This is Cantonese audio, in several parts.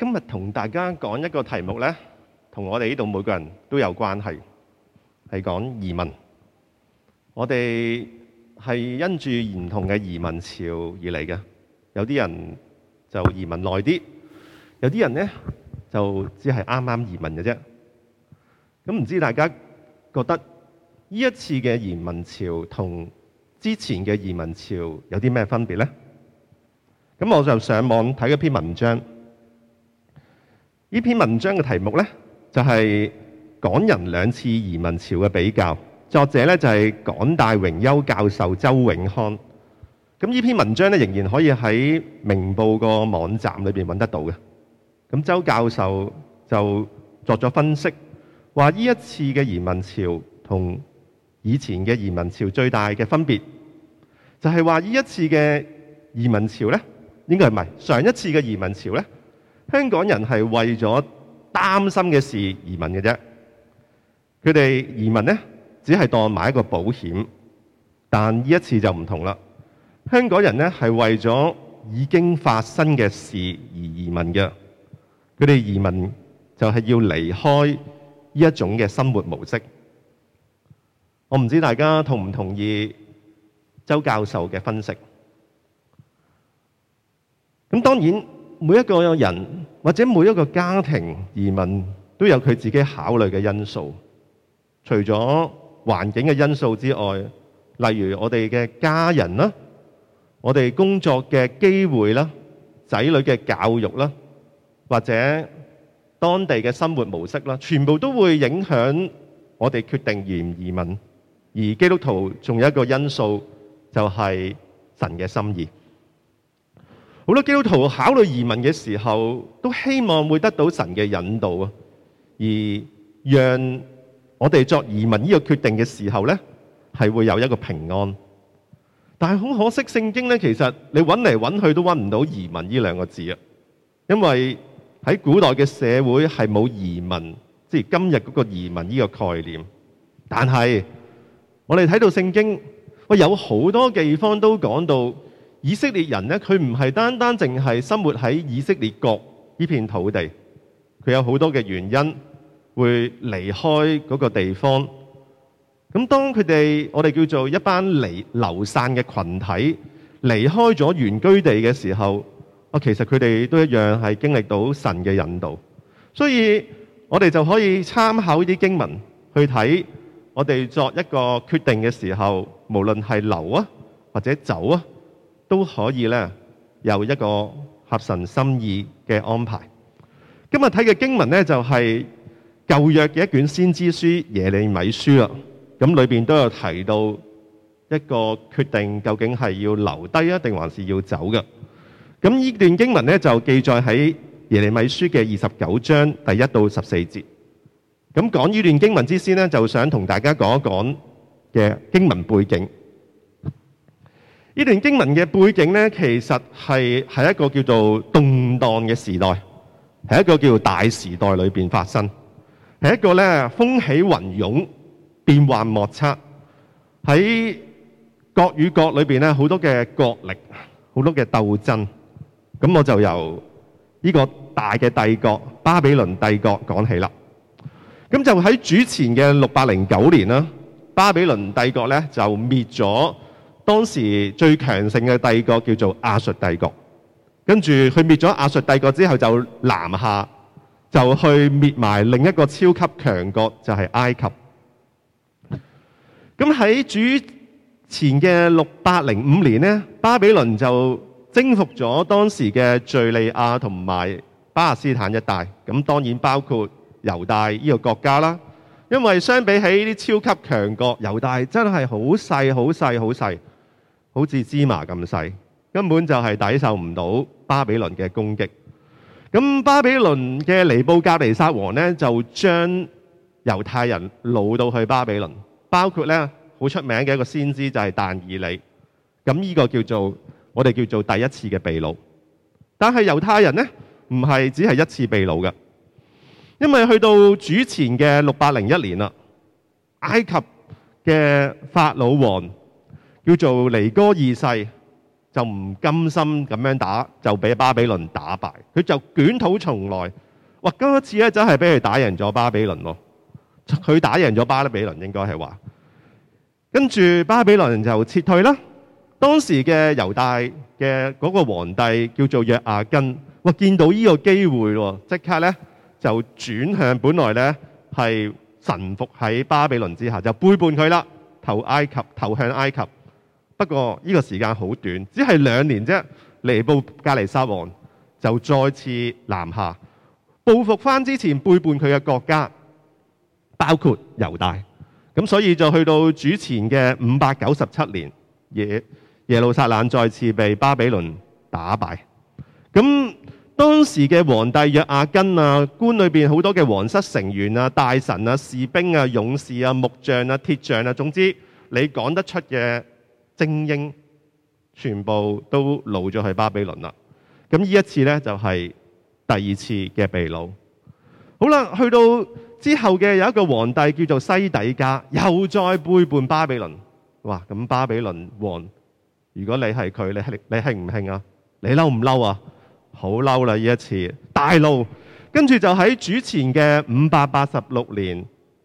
今日同大家講一個題目呢，同我哋呢度每個人都有關係，係講移民。我哋係因住唔同嘅移民潮而嚟嘅。有啲人就移民耐啲，有啲人呢就只係啱啱移民嘅啫。咁唔知大家覺得呢一次嘅移民潮同之前嘅移民潮有啲咩分別呢？咁我就上網睇一篇文章。呢篇文章嘅題目呢，就係港人兩次移民潮嘅比較，作者呢，就係港大榮休教授周永康。咁呢篇文章呢，仍然可以喺明報個網站裏面搵得到嘅。咁周教授就作咗分析，話呢一次嘅移民潮同以前嘅移民潮最大嘅分別，就係話呢一次嘅移民潮呢，應該係咪上一次嘅移民潮呢？香港人係為咗擔心嘅事而移民嘅啫，佢哋移民咧只係當買一個保險，但呢一次就唔同啦。香港人咧係為咗已經發生嘅事而移民嘅，佢哋移民就係要離開呢一種嘅生活模式。我唔知大家同唔同意周教授嘅分析。咁當然。每一個人或者每一個家庭移民都有佢自己考慮嘅因素，除咗環境嘅因素之外，例如我哋嘅家人啦，我哋工作嘅機會啦，仔女嘅教育啦，或者當地嘅生活模式啦，全部都會影響我哋決定移唔移民。而基督徒仲有一個因素就係神嘅心意。好多基督徒考慮移民嘅時候，都希望會得到神嘅引導啊，而讓我哋作移民呢個決定嘅時候咧，係會有一個平安。但係好可惜，聖經咧，其實你揾嚟揾去都揾唔到移民呢兩個字啊，因為喺古代嘅社會係冇移民，即係今日嗰個移民呢個概念。但係我哋睇到聖經，喂，有好多地方都講到。以色列人呢，佢唔係單單淨係生活喺以色列國呢片土地，佢有好多嘅原因會離開嗰個地方。咁當佢哋我哋叫做一班離流散嘅群體離開咗原居地嘅時候，啊，其實，佢哋都一樣，係經歷到神嘅引導，所以我哋就可以參考呢啲經文去睇我哋作一個決定嘅時候，無論係留啊或者走啊。都可以呢，有一個合神心意嘅安排。今日睇嘅經文呢，就係舊約嘅一卷先知書耶利米書啦。咁裏邊都有提到一個決定，究竟係要留低啊，定還是要走嘅？咁呢段經文呢，就記載喺耶利米書嘅二十九章第一到十四節。咁講呢段經文之先呢，就想同大家講一講嘅經文背景。呢段經文嘅背景呢，其實係喺一個叫做動蕩嘅時代，係一個叫大時代裏面發生，係一個呢風起雲湧、變幻莫測，喺國與國裏面呢，好多嘅角力、好多嘅鬥爭。咁我就由呢個大嘅帝國巴比倫帝國講起啦。咁就喺主前嘅六百零九年啦，巴比倫帝，帝國呢就滅咗。當時最強盛嘅帝國叫做亞述帝國，跟住佢滅咗亞述帝國之後，就南下就去滅埋另一個超級強國，就係埃及。咁喺主前嘅六百零五年呢，巴比倫就征服咗當時嘅敘利亞同埋巴勒斯坦一帶，咁當然包括猶大呢個國家啦。因為相比起啲超級強國，猶大真係好細、好細、好細。好似芝麻咁細，根本就係抵受唔到巴比倫嘅攻擊。咁巴比倫嘅尼布甲尼撒王呢，就將猶太人擄到去巴比倫，包括咧好出名嘅一個先知就係但以理。咁呢個叫做我哋叫做第一次嘅被擄。但係猶太人呢，唔係只係一次被擄㗎，因為去到主前嘅六百零一年啦，埃及嘅法老王。叫做尼哥二世就唔甘心咁樣打，就俾巴比倫打敗。佢就捲土重來。哇！今一次咧真係俾佢打贏咗巴比倫咯。佢打贏咗巴比倫應該係話。跟住巴比倫就撤退啦。當時嘅猶大嘅嗰個皇帝叫做約阿根。哇！見到呢個機會喎，即刻咧就轉向本來咧係臣服喺巴比倫之下，就背叛佢啦，投埃及，投向埃及。不過，呢個時間好短，只係兩年啫。尼布加尼沙王就再次南下報復翻之前背叛佢嘅國家，包括猶大。咁所以就去到主前嘅五百九十七年，耶耶路撒冷再次被巴比倫打敗。咁當時嘅皇帝約阿根啊，官裏邊好多嘅皇室成員啊、大臣啊、士兵啊、勇士啊、木匠啊、鐵匠啊，總之你講得出嘅。精英全部都老咗去巴比倫啦，咁呢一次呢，就係第二次嘅被擄。好啦，去到之後嘅有一個皇帝叫做西底家，又再背叛巴比倫。哇，咁巴比倫王，如果你係佢，你你興唔興啊？你嬲唔嬲啊？好嬲啦！呢一次大怒，跟住就喺主前嘅五百八十六年，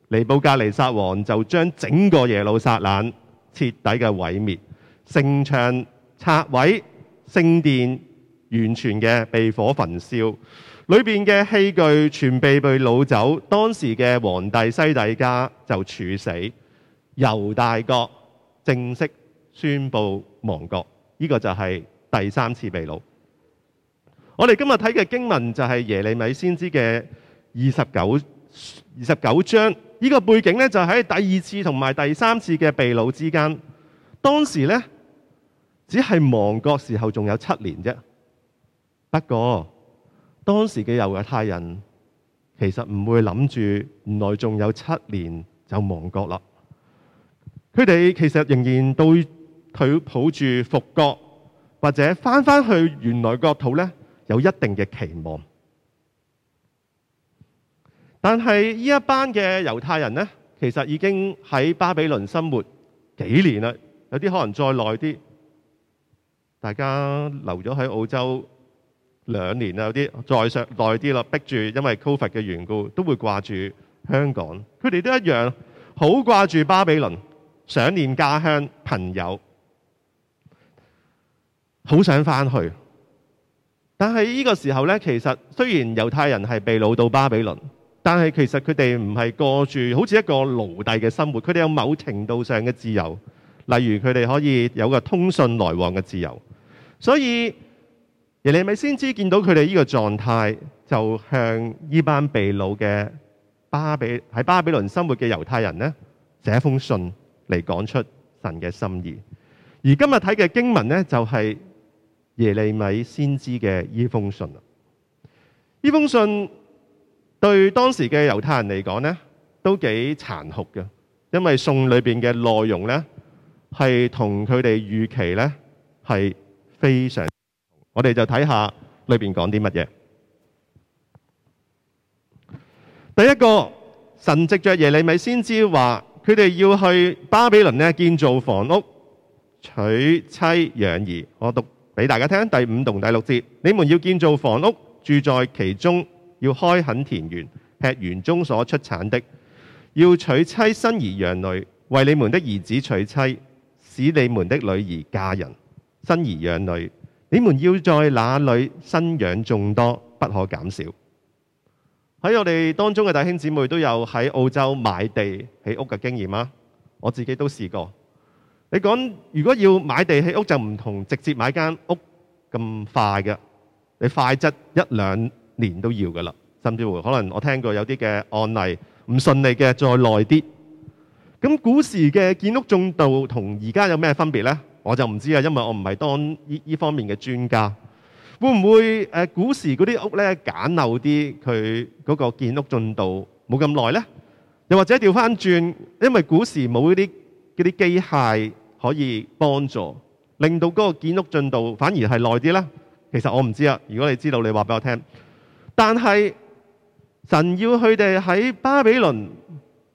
尼布甲尼撒王就將整個耶路撒冷。徹底嘅毀滅，城牆拆毀，聖殿完全嘅被火焚燒，裏邊嘅器具全被被擄走。當時嘅皇帝西底家就處死，猶大國正式宣布亡國。呢、這個就係第三次被擄。我哋今日睇嘅經文就係耶利米先知嘅二十九二十九章。呢個背景咧，就喺第二次同埋第三次嘅被擄之間。當時呢，只係亡國時候仲有七年啫。不過當時嘅猶太人其實唔會諗住，原來仲有七年就亡國了。佢哋其實仍然對佢抱住復國或者返返去原來國土呢，有一定嘅期望。但係，呢一班嘅猶太人呢，其實已經喺巴比倫生活幾年啦。有啲可能再耐啲，大家留咗喺澳洲兩年啦。有啲再上耐啲咯，逼住因為 Covid 嘅緣故，都會掛住香港。佢哋都一樣好掛住巴比倫，想念家鄉朋友，好想翻去。但係呢個時候呢，其實雖然猶太人係被擄到巴比倫。但係其實佢哋唔係過住好似一個奴隸嘅生活，佢哋有某程度上嘅自由，例如佢哋可以有個通訊來往嘅自由。所以耶利米先知見到佢哋呢個狀態，就向呢班被擄嘅巴比喺巴比倫生活嘅猶太人呢寫封信嚟講出神嘅心意。而今日睇嘅經文呢，就係、是、耶利米先知嘅呢封信呢封信。這封信對當時嘅猶太人嚟講呢，都幾殘酷嘅，因為信裏邊嘅內容呢係同佢哋預期呢係非常。我哋就睇下裏邊講啲乜嘢。第一個神藉着，耶利米先知話，佢哋要去巴比倫建造房屋，娶妻養兒。我讀俾大家聽第五同第六節：你們要建造房屋，住在其中。要開墾田園，吃園中所出產的；要娶妻生兒養女，為你們的兒子娶妻，使你們的女兒嫁人，生兒養女。你們要在那裏生養眾多，不可減少。喺我哋當中嘅弟兄姊妹都有喺澳洲買地起屋嘅經驗啊！我自己都試過。你講，如果要買地起屋就唔同直接買間屋咁快嘅，你快則一兩。年都要㗎喇，甚至乎可能我聽過有啲嘅案例唔順利嘅，再耐啲。咁古時嘅建屋進度同而家有咩分別呢？我就唔知啊，因為我唔係當呢呢方面嘅專家。會唔會誒古時嗰啲屋呢簡陋啲，佢嗰個建屋進度冇咁耐呢？又或者調翻轉，因為古時冇呢啲嗰啲機械可以幫助，令到嗰個建屋進度反而係耐啲呢？其實我唔知啊，如果你知道，你話俾我聽。但係神要佢哋喺巴比倫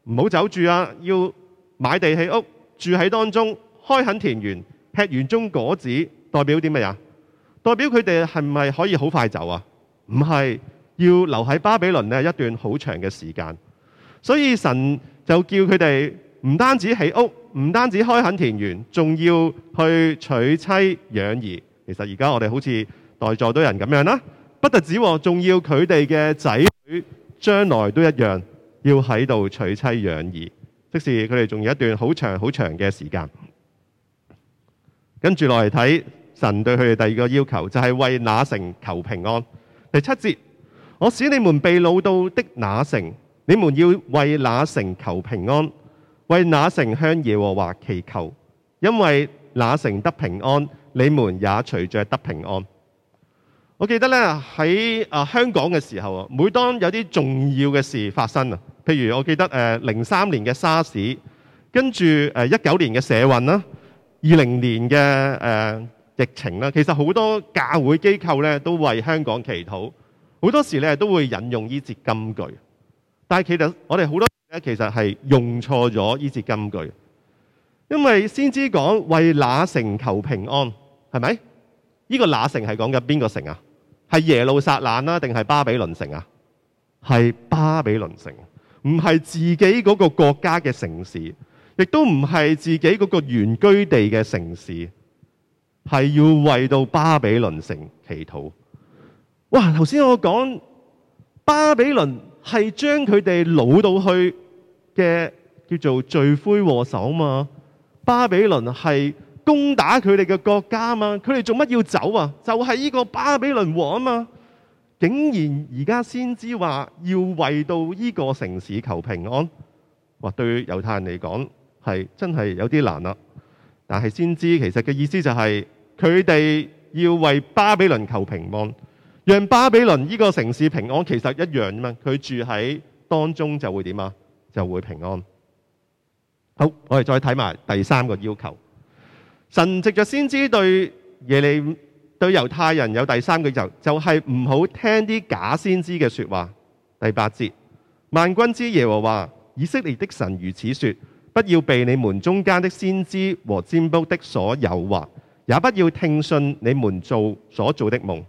唔好走住啊，要買地起屋住喺當中，開墾田園，吃園中果子，代表啲乜嘢？代表佢哋係唔係可以好快走啊？唔係，要留喺巴比倫呢一段好長嘅時間。所以神就叫佢哋唔單止起屋，唔單止開墾田園，仲要去娶妻養兒。其實而家我哋好似待喺度嘅人咁樣啦、啊。不特止，仲要佢哋嘅仔女將來都一樣，要喺度娶妻養兒。即使佢哋仲有一段好長，很長，好長嘅時間。跟住落嚟睇，神對佢哋第二個要求，就係、是、為那城求平安。第七節，我使你們被擄到的那城，你們要為那城求平安，為那城向耶和華祈求，因為那城得平安，你們也隨着得平安。我記得咧喺啊香港嘅時候啊，每當有啲重要嘅事發生啊，譬如我記得誒零三年嘅沙士，跟住誒一九年嘅社運啦，二零年嘅誒疫情啦，其實好多教會機構咧都為香港祈禱，好多時咧都會引用呢節金句。但係其實我哋好多咧其實係用錯咗呢節金句，因為先知講為哪城求平安，係咪？呢個哪城係講緊邊個城啊？係耶路撒冷啦、啊，定係巴比倫城啊？係巴比倫城，唔係自己嗰個國家嘅城市，亦都唔係自己嗰個原居地嘅城市，係要為到巴比倫城祈禱。哇！頭先我講巴比倫係將佢哋擄到去嘅叫做罪魁禍首嘛，巴比倫係。攻打佢哋嘅國家嘛？佢哋做乜要走啊？就係、是、呢個巴比倫王啊嘛！竟然而家先知話要為到呢個城市求平安，哇！對猶太人嚟講係真係有啲難啦、啊。但係先知其實嘅意思就係佢哋要為巴比倫求平安，讓巴比倫呢個城市平安，其實一樣啫嘛。佢住喺當中就會點啊？就會平安。好，我哋再睇埋第三個要求。神藉着先知對耶利對猶太人有第三句就就係唔好聽啲假先知嘅說話。第八節，萬軍之耶和華以色列的神如此說：不要被你們中間的先知和占卜的所誘惑，也不要聽信你們做所做的夢，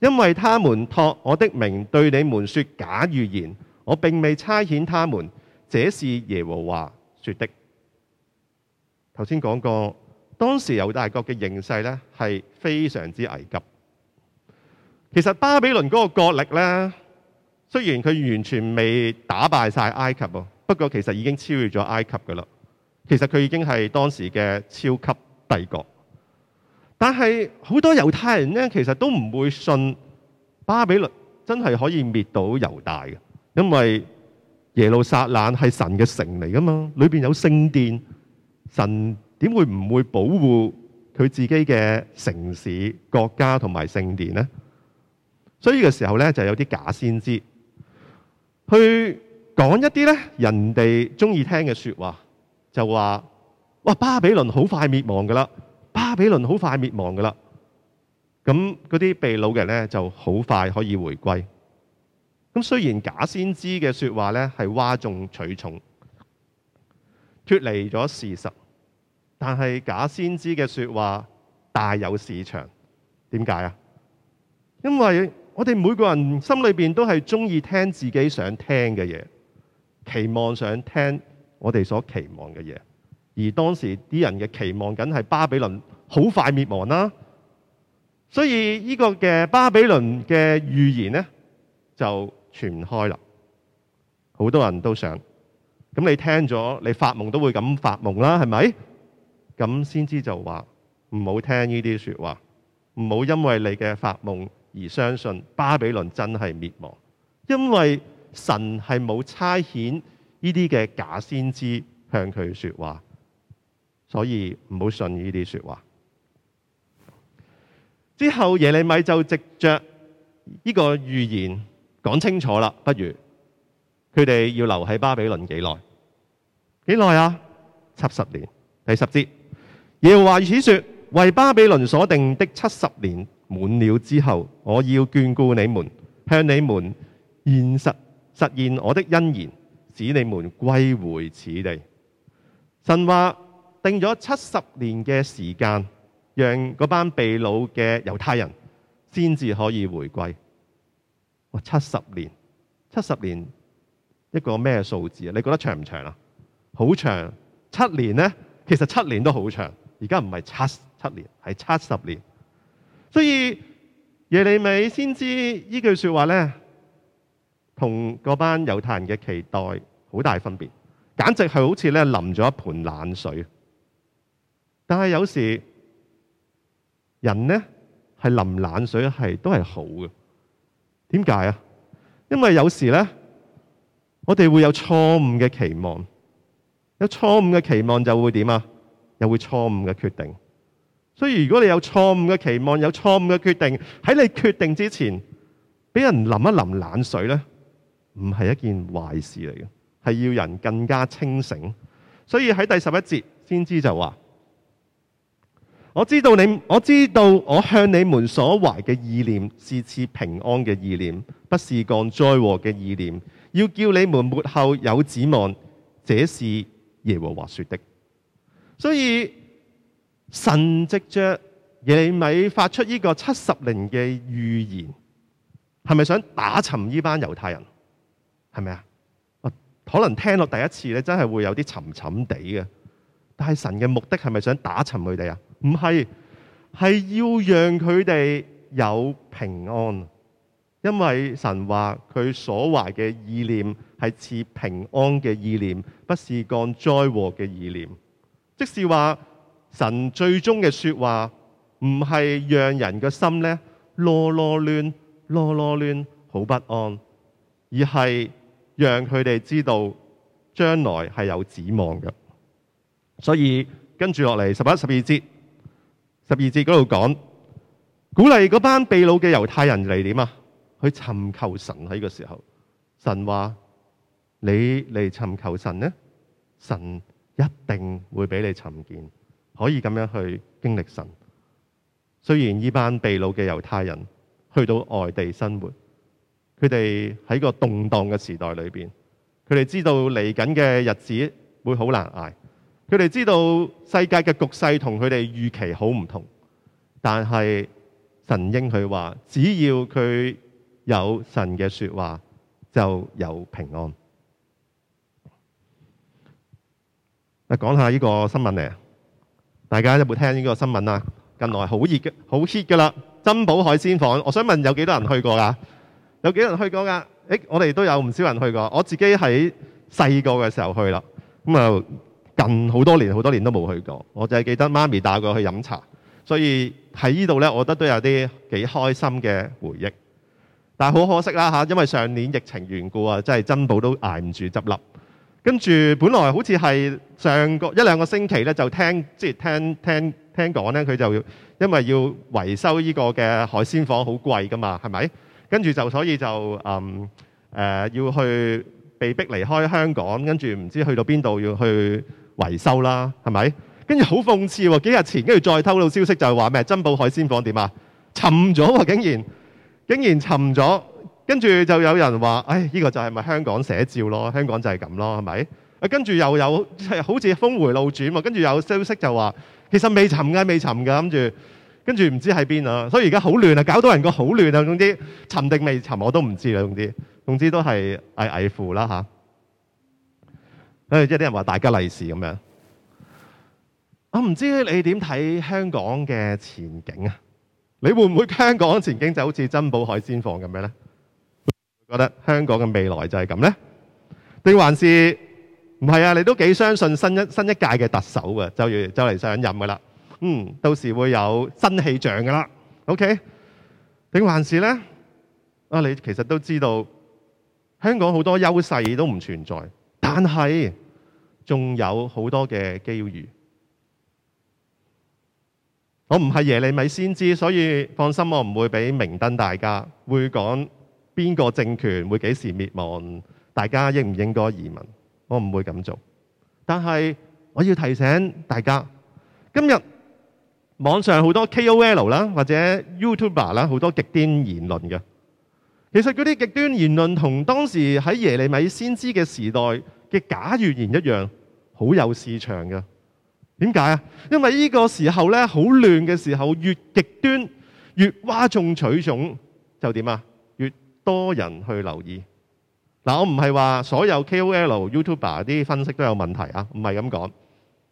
因為他們託我的名對你們說假預言，我並未差遣他們。這是耶和華說的。頭先講過。當時猶大國嘅形勢咧係非常之危急。其實巴比倫嗰個國力咧，雖然佢完全未打敗晒埃及喎，不過其實已經超越咗埃及噶啦。其實佢已經係當時嘅超級帝國。但係好多猶太人咧，其實都唔會信巴比倫真係可以滅到猶大嘅，因為耶路撒冷係神嘅城嚟噶嘛，裏邊有聖殿神。點會唔會保護佢自己嘅城市、國家同埋聖殿呢？所以嘅時候咧，就有啲假先知去講一啲咧人哋中意聽嘅説話，就話：哇，巴比倫好快滅亡嘅啦！巴比倫好快滅亡嘅啦！咁嗰啲被擄嘅人咧，就好快可以回歸。咁雖然假先知嘅説話咧係嘩眾取寵，脱離咗事實。但係假先知嘅說話大有市場，點解啊？因為我哋每個人心裏邊都係中意聽自己想聽嘅嘢，期望想聽我哋所期望嘅嘢，而當時啲人嘅期望梗係巴比倫好快滅亡啦，所以呢個嘅巴比倫嘅預言呢就傳開啦，好多人都想。咁你聽咗，你發夢都會咁發夢啦，係咪？咁先知就話唔好聽呢啲說話，唔好因為你嘅發夢而相信巴比倫真係滅亡，因為神係冇差遣呢啲嘅假先知向佢說話，所以唔好信呢啲說話。之後耶利米就藉着呢個預言講清楚啦，不如佢哋要留喺巴比倫幾耐？幾耐啊？七十年，第十節。耶和華如此說：為巴比倫所定的七十年滿了之後，我要眷顧你們，向你們現實實現我的恩言，使你們歸回此地。神話定咗七十年嘅時間，讓嗰班被擄嘅猶太人先至可以回歸。哇，七十年，七十年，一個咩數字啊？你覺得長唔長啊？好長，七年呢？其實七年都好長。而家唔係七七年，係七十年，所以耶利米先知這句話呢句說話咧，同嗰班猶太人嘅期待好大分別，簡直係好似咧淋咗一盆冷水。但係有時人咧係淋冷水係都係好嘅，點解啊？因為有時咧，我哋會有錯誤嘅期望，有錯誤嘅期望就會點啊？又會錯誤嘅決定，所以如果你有錯誤嘅期望，有錯誤嘅決定，喺你決定之前，俾人淋一淋冷水咧，唔係一件壞事嚟嘅，係要人更加清醒。所以喺第十一節先知就話：我知道你，我知道我向你們所懷嘅意念是賜平安嘅意念，不是降災禍嘅意念，要叫你們末後有指望。這是耶和華說的。所以神藉着耶利米發出呢個七十年嘅預言，係咪想打沉呢班猶太人？係咪啊？可能聽落第一次咧，真係會有啲沉沉地嘅。但係神嘅目的係咪想打沉佢哋啊？唔係，係要讓佢哋有平安。因為神話佢所懷嘅意念係賜平安嘅意念，不是降災禍嘅意念。即是話神最終嘅說話唔係讓人的心呢囉囉攣、囉囉攣、好不安，而係讓佢哋知道將來係有指望嘅。所以跟住落嚟，十一、十二節，十二節嗰度講，鼓勵嗰班被擄嘅猶太人嚟點啊？去尋求神喺個時候，神話你嚟尋求神呢？神。一定會俾你尋見，可以咁樣去經歷神。雖然呢班被擄嘅猶太人去到外地生活，佢哋喺個動蕩嘅時代裏邊，佢哋知道嚟緊嘅日子會好難捱，佢哋知道世界嘅局勢同佢哋預期好唔同，但係神應佢話，只要佢有神嘅說話，就有平安。嚟講下呢個新聞嚟，大家有冇聽呢個新聞啊？近來好熱嘅，好 hit 㗎啦。珍寶海鮮舫，我想問有幾多人去過啊？有幾人去過噶？誒，我哋都有唔少人去過。我自己喺細個嘅時候去啦，咁啊近好多年、好多年都冇去過。我就係記得媽咪帶我去飲茶，所以喺呢度呢，我覺得都有啲幾開心嘅回憶。但係好可惜啦嚇，因為上年疫情緣故啊，真係珍寶都捱唔住執笠。跟住，本來好似係上個一兩個星期咧，就聽、聽即係聽聽聽講咧，佢就因為要維修呢個嘅海鮮舫，好貴噶嘛，係咪？跟住就所以就嗯誒、呃、要去被逼離開香港，跟住唔知去到邊度要去維修啦，係咪？跟住好諷刺喎、哦，幾日前跟住再偷到消息就係話咩？珍寶海鮮舫點啊？沉咗喎、哦，竟然竟然沉咗！跟住就有人話，誒、哎，依、這個就係咪香港寫照咯？香港就係咁咯，係咪？啊，跟住又有，好似峰迴路轉嘛。跟住有消息就話，其實未沉㗎，未沉㗎，諗住，跟住唔知喺邊啊。所以而家好亂啊，搞到人個好亂啊。總之沉沉，沉定未沉我都唔知啦。總之，總之都係危危乎啦吓，誒、啊，即啲人話大家利是咁樣。我唔知你點睇香港嘅前景啊？你會唔會香港前景就好似珍寶海鮮舫咁樣呢？覺得香港嘅未來就係咁呢？定還是唔係啊？你都幾相信新一新一屆嘅特首嘅就要就來上任嘅喇，嗯，到時會有新氣象㗎喇 OK？定還是呢？啊，你其實都知道香港好多優勢都唔存在，但係仲有好多嘅機遇。我唔係耶利米先知，所以放心，我唔會俾明燈大家會講。邊個政權會幾時滅亡？大家應唔應該移民？我唔會咁做，但係我要提醒大家，今日網上好多 KOL 啦，或者 YouTuber 啦，好多極端言論嘅。其實嗰啲極端言論同當時喺耶利米先知嘅時代嘅假預言一樣，好有市場嘅。點解啊？因為呢個時候呢，好亂嘅時候，越極端越嘩眾取寵，就點啊？多人去留意嗱，我唔係話所有 KOL、YouTuber 啲分析都有問題啊，唔係咁講，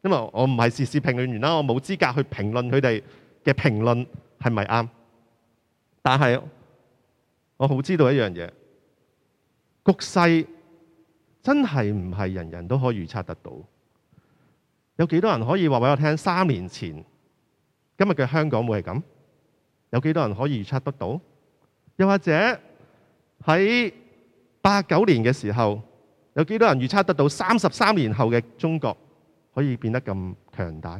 因為我唔係時事評論員啦，我冇資格去評論佢哋嘅評論係咪啱。但係我好知道一樣嘢，局勢真係唔係人人都可以預測得到。有幾多人可以話俾我聽三年前今日嘅香港會係咁？有幾多人可以預測得到？又或者？喺八九年嘅時候，有幾多人預測得到三十三年後嘅中國可以變得咁強大？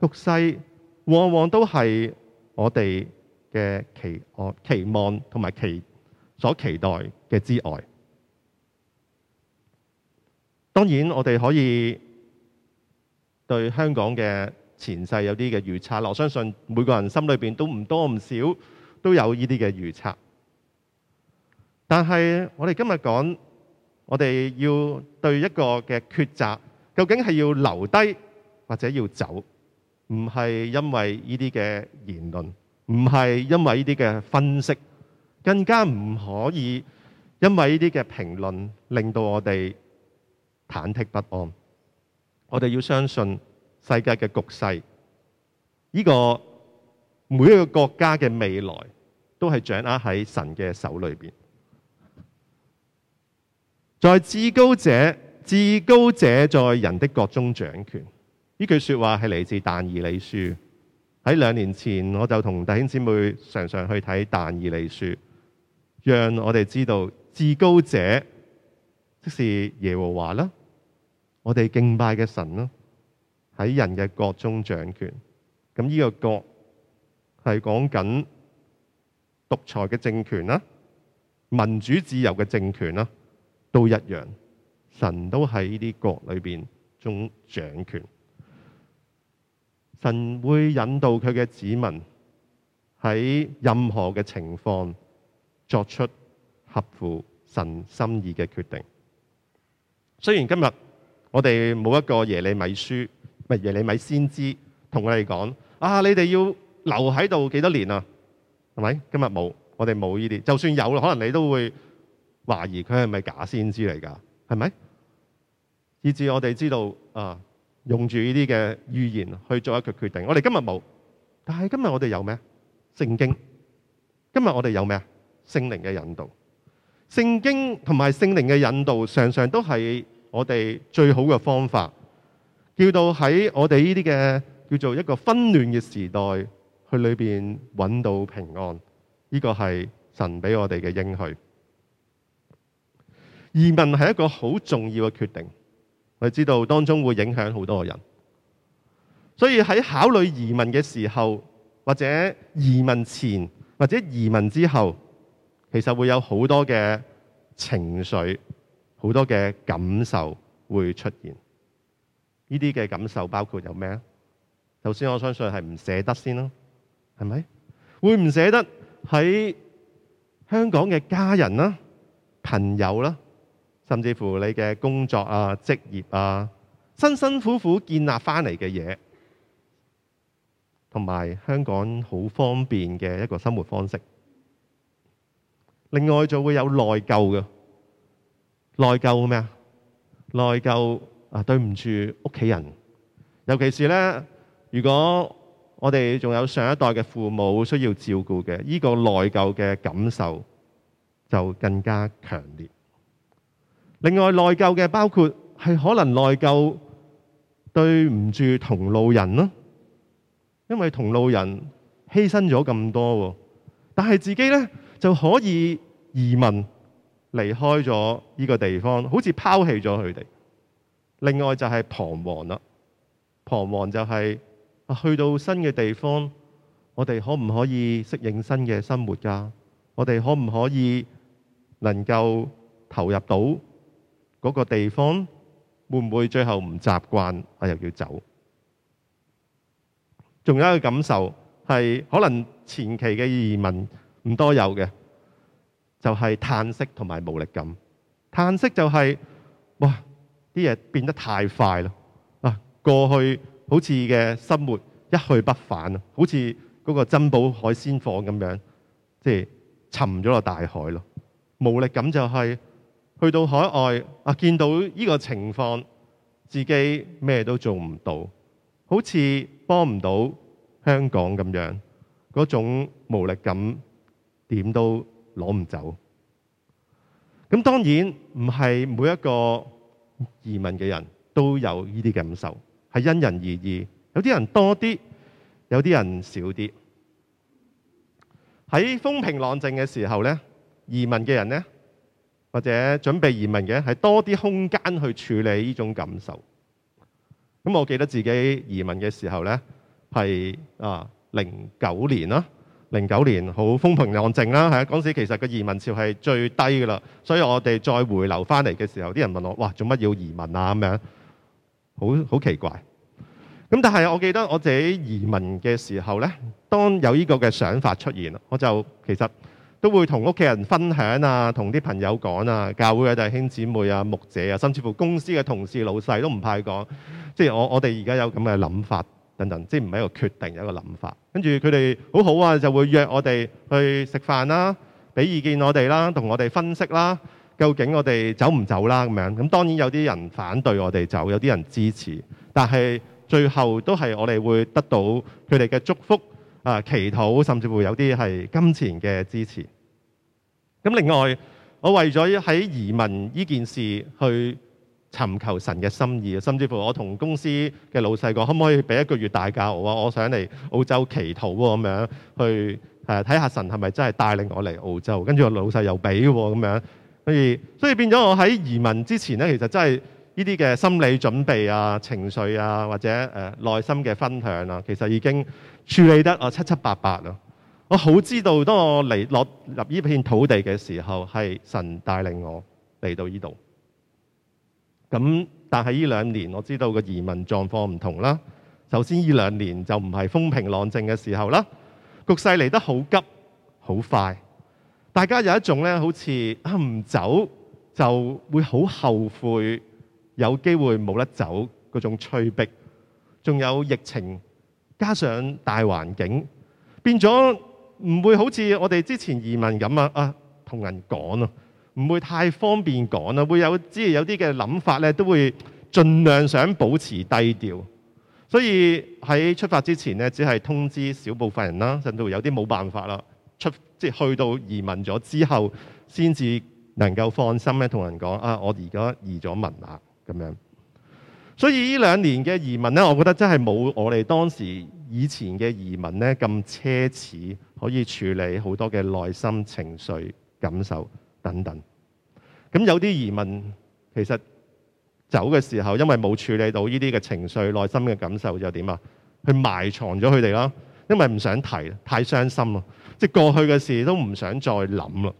局勢往往都係我哋嘅期期望同埋期所期待嘅之外。當然，我哋可以對香港嘅前世有啲嘅預測。我相信每個人心裏面都唔多唔少都有呢啲嘅預測。但係我哋今日講，我哋要對一個嘅抉擇，究竟係要留低或者要走，唔係因為呢啲嘅言論，唔係因為呢啲嘅分析，更加唔可以因為呢啲嘅評論，令到我哋忐忑不安。我哋要相信世界嘅局勢，呢個每一個國家嘅未來都係掌握喺神嘅手裏邊。在至高者，至高者在人的國中掌權。呢句說話係嚟自但以理書。喺兩年前，我就同弟兄姊妹常常去睇但以理書，讓我哋知道至高者，即是耶和華啦，我哋敬拜嘅神啦，喺人嘅國中掌權。咁呢個國係講緊獨裁嘅政權啦，民主自由嘅政權啦。都一樣，神都喺呢啲國裏邊仲掌權。神會引導佢嘅子民喺任何嘅情況作出合乎神心意嘅決定。雖然今日我哋冇一個耶利米書，咪耶利米先知同我哋講：啊，你哋要留喺度幾多年啊？係咪？今日冇，我哋冇呢啲。就算有，可能你都會。懷疑佢係咪假先知嚟噶？係咪？以至我哋知道啊，用住呢啲嘅預言去做一個決定。我哋今日冇，但係今日我哋有咩？聖經。今日我哋有咩？聖靈嘅引導。聖經同埋聖靈嘅引導，常常都係我哋最好嘅方法，叫到喺我哋呢啲嘅叫做一個紛亂嘅時代，去裏邊揾到平安。呢個係神俾我哋嘅應許。移民係一個好重要嘅決定，我知道當中會影響好多人，所以喺考慮移民嘅時候，或者移民前或者移民之後，其實會有好多嘅情緒、好多嘅感受會出現。呢啲嘅感受包括有咩啊？首先，我相信係唔捨得先囉，係咪？會唔捨得喺香港嘅家人啦、朋友啦？甚至乎你嘅工作啊、職業啊、辛辛苦苦建立翻嚟嘅嘢，同埋香港好方便嘅一個生活方式。另外就會有內疚嘅，內疚咩啊？內疚啊！對唔住屋企人，尤其是咧，如果我哋仲有上一代嘅父母需要照顧嘅，呢個內疚嘅感受就更加強烈。另外內疚嘅包括係可能內疚對唔住同路人咯，因為同路人犧牲咗咁多喎，但係自己呢，就可以移民離開咗呢個地方，好似拋棄咗佢哋。另外就係彷徨啦，彷徨就係啊，去到新嘅地方，我哋可唔可以適應新嘅生活㗎？我哋可唔可以能夠投入到？嗰、那個地方會唔會最後唔習慣？我又要走。仲有一個感受係可能前期嘅移民唔多有嘅，就係嘆息同埋無力感。嘆息就係、是、哇啲嘢變得太快啦！啊，過去好似嘅生活一去不返啦，好似嗰個珍寶海鮮坊咁樣，即係沉咗落大海咯。無力感就係、是。去到海外啊，見到呢個情況，自己咩都做唔到，好似幫唔到香港咁樣，嗰種無力感點都攞唔走。咁當然唔係每一個移民嘅人都有呢啲感受，係因人而異，有啲人多啲，有啲人少啲。喺風平浪靜嘅時候咧，移民嘅人咧。或者準備移民嘅，係多啲空間去處理呢種感受。咁我記得自己移民嘅時候呢，係啊零九年啦，零九年好風平浪靜啦，係啊嗰時其實個移民潮係最低㗎啦，所以我哋再回流翻嚟嘅時候，啲人問我：哇，做乜要移民啊？咁樣好好奇怪。咁但係我記得我自己移民嘅時候呢，當有呢個嘅想法出現，我就其實，都會同屋企人分享啊，同啲朋友講啊，教會嘅弟兄姊妹啊、牧者啊，甚至乎公司嘅同事老細都唔怕講。即係我我哋而家有咁嘅諗法等等，即係唔係一個決定，有一個諗法。跟住佢哋好好啊，就會約我哋去食飯啦，俾意見我哋啦，同我哋分析啦，究竟我哋走唔走啦咁樣。咁當然有啲人反對我哋走，有啲人支持，但係最後都係我哋會得到佢哋嘅祝福。啊！祈禱，甚至乎有啲係金錢嘅支持。咁另外，我為咗喺移民呢件事去尋求神嘅心意，甚至乎我同公司嘅老細講，可唔可以俾一個月大假？我想嚟澳洲祈禱咁樣去睇下神係咪真係帶領我嚟澳洲？跟住我老細又俾喎咁樣，所以所以變咗我喺移民之前呢，其實真係。呢啲嘅心理準備啊、情緒啊，或者誒、呃、內心嘅分享啊，其實已經處理得啊七七八八啦。我好知道當我嚟落入呢片土地嘅時候，係神帶領我嚟到呢度。咁但係呢兩年我知道個移民狀況唔同啦。首先呢兩年就唔係風平浪靜嘅時候啦，局勢嚟得好急好快，大家有一種咧好似啊唔走就會好後悔，有機會冇得走嗰種催逼，仲有疫情，加上大環境，變咗唔會好似我哋之前移民咁啊啊，同人講咯，唔會太方便講啦，會有即係有啲嘅諗法咧，都會盡量想保持低調。所以喺出發之前呢，只係通知少部分人啦，甚至有啲冇辦法啦，出即係去到移民咗之後，先至能夠放心咧，同人講啊，我而家移咗民啦。咁樣，所以呢兩年嘅移民咧，我覺得真係冇我哋當時以前嘅移民咧咁奢侈，可以處理好多嘅內心情緒、感受等等。咁有啲移民其實走嘅時候，因為冇處理到呢啲嘅情緒、內心嘅感受，就點啊？去埋藏咗佢哋啦，因為唔想提，太傷心咯。即係過去嘅事都唔想再諗啦。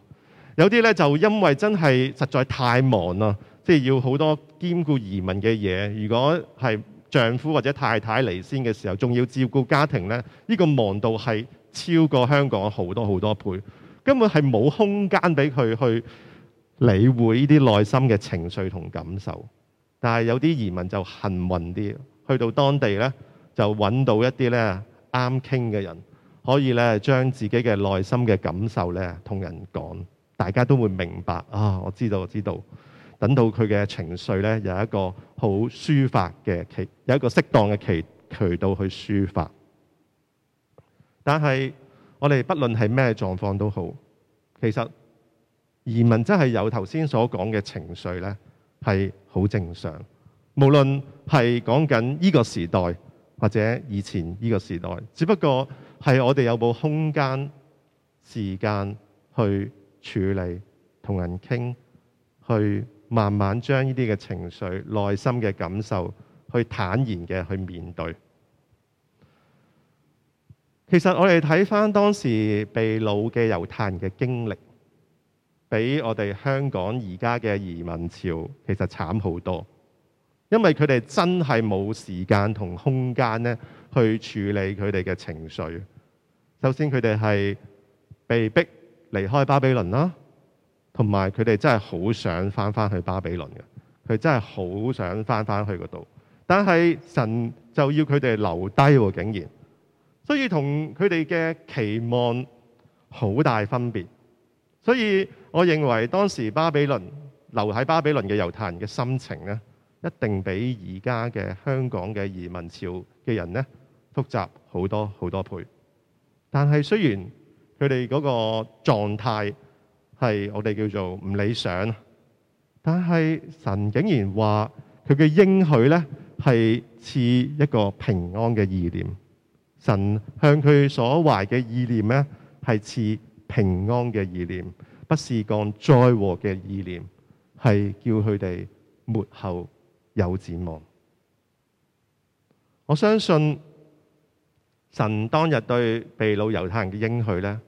有啲咧就因為真係實在太忙啦。即係要好多兼顧移民嘅嘢。如果係丈夫或者太太嚟先嘅時候，仲要照顧家庭呢？呢個忙度係超過香港好多好多倍，根本係冇空間俾佢去理會呢啲內心嘅情緒同感受。但係有啲移民就幸運啲，去到當地呢，就揾到一啲呢啱傾嘅人，可以呢將自己嘅內心嘅感受呢同人講，大家都會明白啊！我知道，我知道。等到佢嘅情緒咧有一個好抒發嘅期，有一個適當嘅渠渠道去抒發。但係我哋不論係咩狀況都好，其實移民真係有頭先所講嘅情緒咧係好正常。無論係講緊呢個時代或者以前呢個時代，只不過係我哋有冇空間、時間去處理、同人傾、去。慢慢將呢啲嘅情緒、內心嘅感受，去坦然嘅去面對。其實我哋睇返當時被擄嘅猶太人嘅經歷，比我哋香港而家嘅移民潮其實慘好多，因為佢哋真係冇時間同空間去處理佢哋嘅情緒。首先佢哋係被逼離開巴比倫啦。同埋佢哋真係好想翻翻去巴比倫嘅，佢真係好想翻翻去嗰度。但係神就要佢哋留低喎，竟然，所以同佢哋嘅期望好大分別。所以，我認為當時巴比倫留喺巴比倫嘅猶太人嘅心情咧，一定比而家嘅香港嘅移民潮嘅人咧複雜好多好多倍。但係雖然佢哋嗰個狀態，係我哋叫做唔理想，但係神竟然話佢嘅應許咧，係似一個平安嘅意念。神向佢所懷嘅意念咧，係似平安嘅意念，不是降災禍嘅意念，係叫佢哋末後有展望。我相信神當日對被擄猶太人嘅應許咧，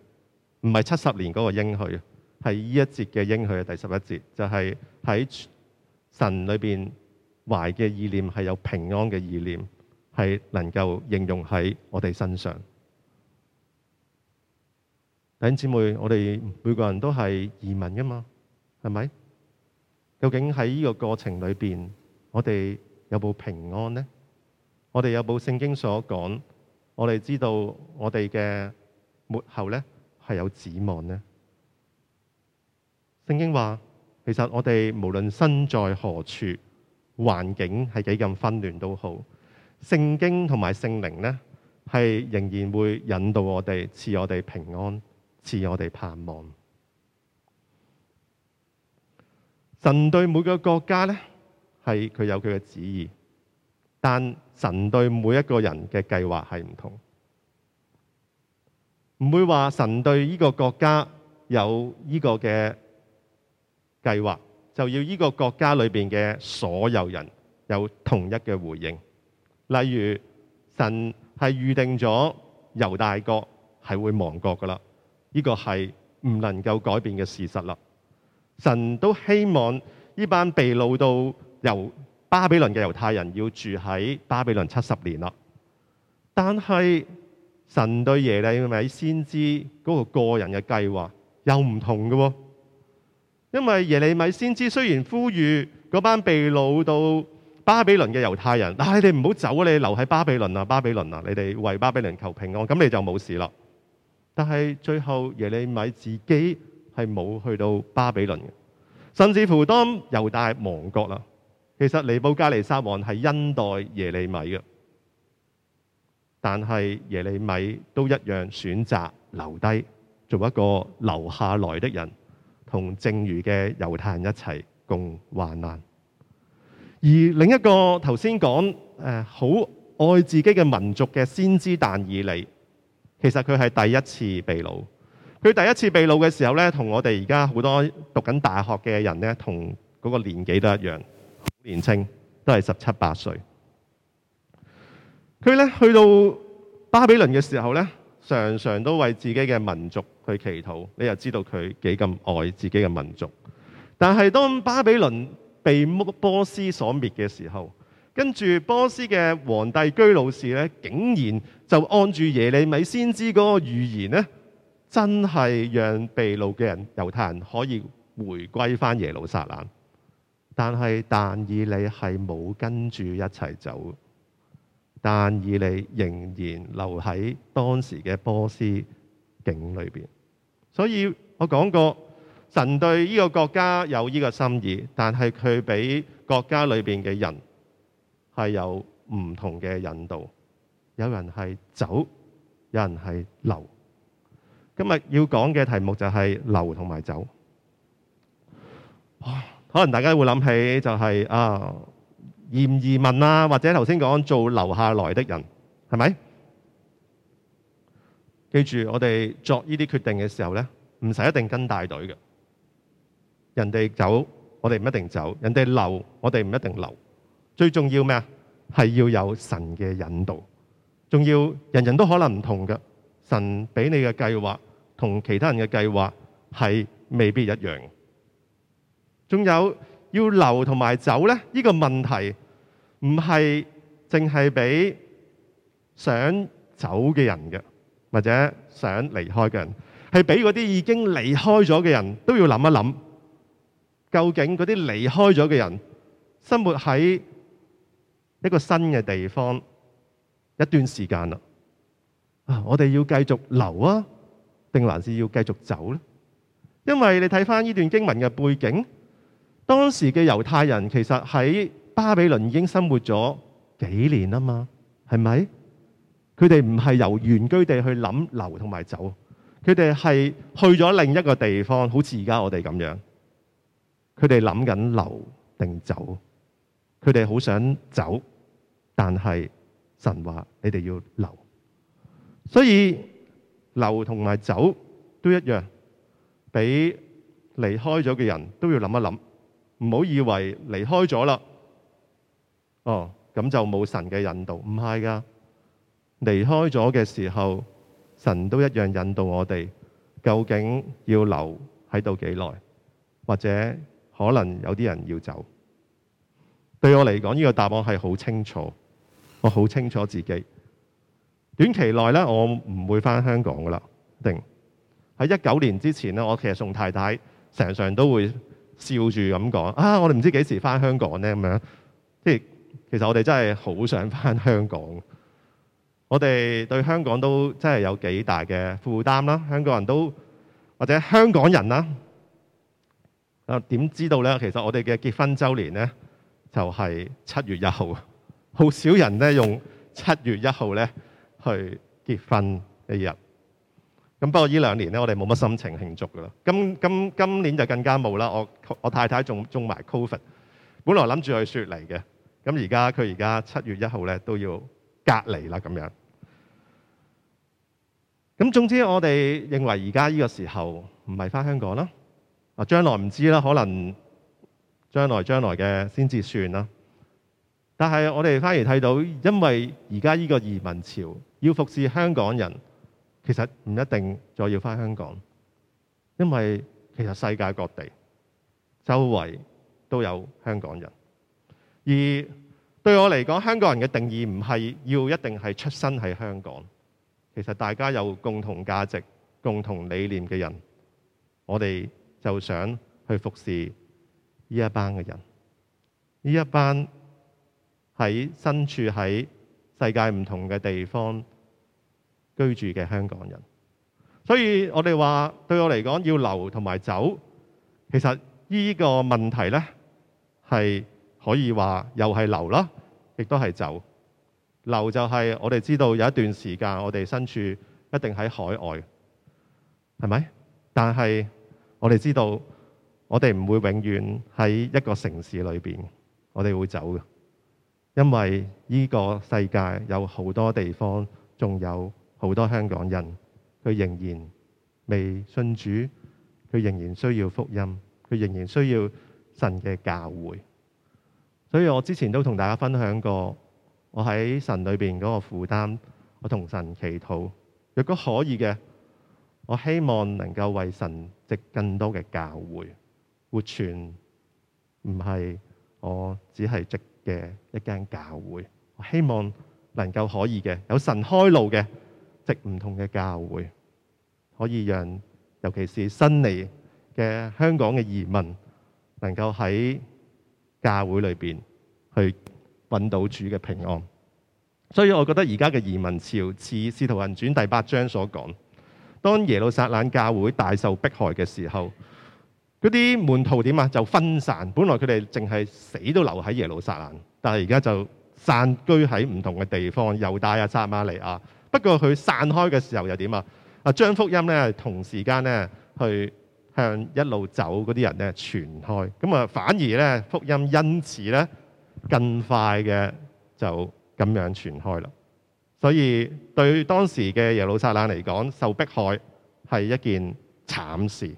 唔係七十年嗰個應許。係呢一節嘅應許嘅第十一節，就係喺神裏邊懷嘅意念係有平安嘅意念，係能夠應用喺我哋身上。弟兄姊妹，我哋每個人都係移民噶嘛，係咪？究竟喺呢個過程裏邊，我哋有冇平安呢？我哋有冇聖經所講？我哋知道我哋嘅末後呢，係有指望呢？聖經話，其實我哋無論身在何處，環境係幾咁混亂都好，聖經同埋聖靈呢，係仍然會引導我哋，賜我哋平安，賜我哋盼望。神對每個國家呢，係佢有佢嘅旨意，但神對每一個人嘅計劃係唔同，唔會話神對呢個國家有呢個嘅。計劃就要呢個國家裏邊嘅所有人有同一嘅回應，例如，神係預定咗猶大國係會亡國噶啦，呢、這個係唔能夠改變嘅事實啦。神都希望呢班被擄到由巴比倫嘅猶太人要住喺巴比倫七十年啦。但係神對耶利米先知嗰個個人嘅計劃又唔同嘅喎。因為耶利米先知雖然呼籲嗰班被擄到巴比倫嘅猶太人，唉、哎，你唔好走，你留喺巴比倫啊，巴比倫啊，你哋為巴比倫求平安，咁你就冇事了。但是最後耶利米自己係冇去到巴比倫的，甚至乎當猶大亡國啦。其實尼布甲尼撒王是恩待耶利米嘅，但是耶利米都一樣選擇留低，做一個留下來的人。同剩餘嘅猶太人一齊共患難，而另一個頭先講誒，好愛自己嘅民族嘅先知但以理，其實佢係第一次被擄。佢第一次被擄嘅時候呢，同我哋而家好多讀緊大學嘅人呢，同嗰個年紀都一樣，年青都係十七八歲他。佢呢，去到巴比倫嘅時候呢，常常都為自己嘅民族。佢祈禱，你又知道佢幾咁愛自己嘅民族。但係當巴比倫被波斯所滅嘅時候，跟住波斯嘅皇帝居魯士呢，竟然就按住耶利米先知嗰個預言呢，真係讓被擄嘅人、猶太人可以回歸翻耶路撒冷。但係但以理係冇跟住一齊走，但以理仍然留喺當時嘅波斯境裏面。所以我講過，神對呢個國家有呢個心意，但係佢俾國家裏面嘅人係有唔同嘅引導，有人係走，有人係留。今日要講嘅題目就係留同埋走。哇！可能大家會諗起就係、是、啊，移唔移民啊，或者頭先講做留下來的人係咪？是。記住，我哋作呢啲決定嘅時候呢，唔使一定跟大隊嘅。人哋走，我哋唔一定走；人哋留，我哋唔一定留。最重要咩啊？係要有神嘅引導，仲要人人都可能唔同嘅。神畀你嘅計劃同其他人嘅計劃係未必一樣的。仲有要留同埋走呢，呢、這個問題唔係淨係俾想走嘅人嘅。或者想離開嘅人，係俾嗰啲已經離開咗嘅人都要諗一諗，究竟嗰啲離開咗嘅人生活喺一個新嘅地方一段時間啦。啊，我哋要繼續留啊，定還是要繼續走咧？因為你睇翻呢段經文嘅背景，當時嘅猶太人其實喺巴比倫已經生活咗幾年啊嘛，係咪？佢哋唔係由原居地去諗留同埋走，佢哋係去咗另一個地方，好似而家我哋咁樣。佢哋諗緊留定走，佢哋好想走，但係神話你哋要留，所以留同埋走都一樣。俾離開咗嘅人都要諗一諗，唔好以為離開咗啦，哦咁就冇神嘅引導，唔係噶。離開咗嘅時候，神都一樣引導我哋。究竟要留喺度幾耐，或者可能有啲人要走。對我嚟講，呢個答案係好清楚。我好清楚自己，短期內咧，我唔會返香港㗎啦，定喺一九年之前咧。我其實送太太成日都會笑住咁講：「啊，我哋唔知幾時返香港呢？」咁樣。即係其實我哋真係好想返香港。我哋對香港都真係有幾大嘅負擔啦，香港人都或者香港人啦，啊點知道呢？其實我哋嘅結婚周年呢，就係七月一號，好少人呢，用七月一號呢去結婚一日。咁不過呢兩年呢，我哋冇乜心情慶祝噶啦。今今今年就更加冇啦。我我太太仲中埋 Covid，本來諗住去雪梨嘅，咁而家佢而家七月一號呢，都要隔離啦咁樣。咁總之，我哋認為而家呢個時候唔係翻香港啦，啊將來唔知啦，可能將來將來嘅先至算啦。但係我哋反而睇到，因為而家呢個移民潮要服侍香港人，其實唔一定再要翻香港，因為其實世界各地周圍都有香港人。而對我嚟講，香港人嘅定義唔係要一定係出生喺香港。其實大家有共同價值、共同理念嘅人，我哋就想去服侍呢一班嘅人，呢一班喺身處喺世界唔同嘅地方居住嘅香港人。所以我哋話對我嚟講要留同埋走，其實呢個問題呢，係可以話又係留啦，亦都係走。留就係我哋知道有一段時間，我哋身處一定喺海外，係咪？但係我哋知道，我哋唔會永遠喺一個城市裏面，我哋會走嘅，因為呢個世界有好多地方，仲有好多香港人，佢仍然未信主，佢仍然需要福音，佢仍然需要神嘅教會。所以我之前都同大家分享過。我喺神裏邊嗰個負擔，我同神祈禱。如果可以嘅，我希望能夠為神植更多嘅教會，活存唔係我只係植嘅一間教會。我希望能夠可以嘅，有神開路嘅，植唔同嘅教會，可以讓尤其是新嚟嘅香港嘅移民，能夠喺教會裏邊去。揾到主嘅平安，所以我覺得而家嘅移民潮，似《使徒行傳》第八章所講，當耶路撒冷教會大受迫害嘅時候，嗰啲門徒點啊？就分散，本來佢哋淨係死都留喺耶路撒冷，但係而家就散居喺唔同嘅地方，猶大啊、撒瑪利亞。不過佢散開嘅時候又點啊？啊，將福音咧同時間咧去向一路走嗰啲人咧傳開，咁啊反而咧福音因此咧。更快嘅就咁樣傳開啦，所以對當時嘅耶路撒冷嚟講，受迫害係一件慘事，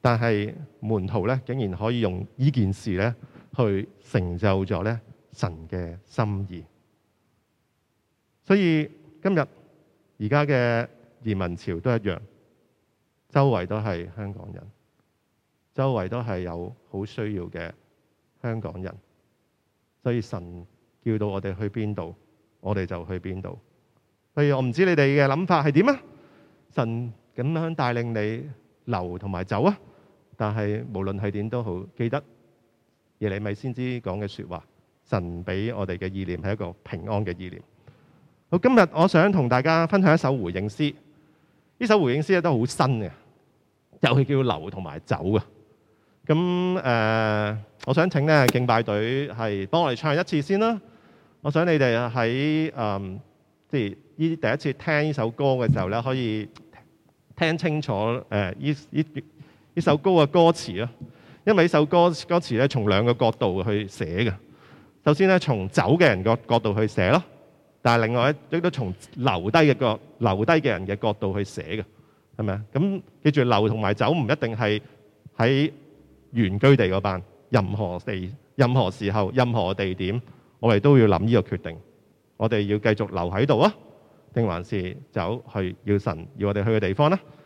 但係門徒咧竟然可以用呢件事咧去成就咗咧神嘅心意。所以今日而家嘅移民潮都一樣，周圍都係香港人，周圍都係有好需要嘅香港人。所以神叫到我哋去邊度，我哋就去邊度。所以我唔知你哋嘅諗法係點啊？神咁樣帶領你留同埋走啊！但係無論係點都好，記得耶利米先知講嘅說話，神俾我哋嘅意念係一個平安嘅意念。好，今日我想同大家分享一首回應詩，呢首回應詩咧都好新嘅，就係叫留同埋走啊。咁誒、呃，我想請呢敬拜隊係幫我哋唱一次先啦。我想你哋喺嗯，即係呢第一次聽呢首歌嘅時候咧，可以聽清楚誒呢呢呢首歌嘅歌詞咯。因為呢首歌歌詞咧，從兩個角度去寫嘅。首先咧，從走嘅人個角度去寫咯，但係另外咧亦都從留低嘅角留低嘅人嘅角度去寫嘅，係咪？咁記住，留同埋走唔一定係喺原居地嗰班，任何地、任何時候、任何地點，我哋都要諗呢個決定。我哋要繼續留喺度啊，定還是走去要神要我哋去嘅地方咧？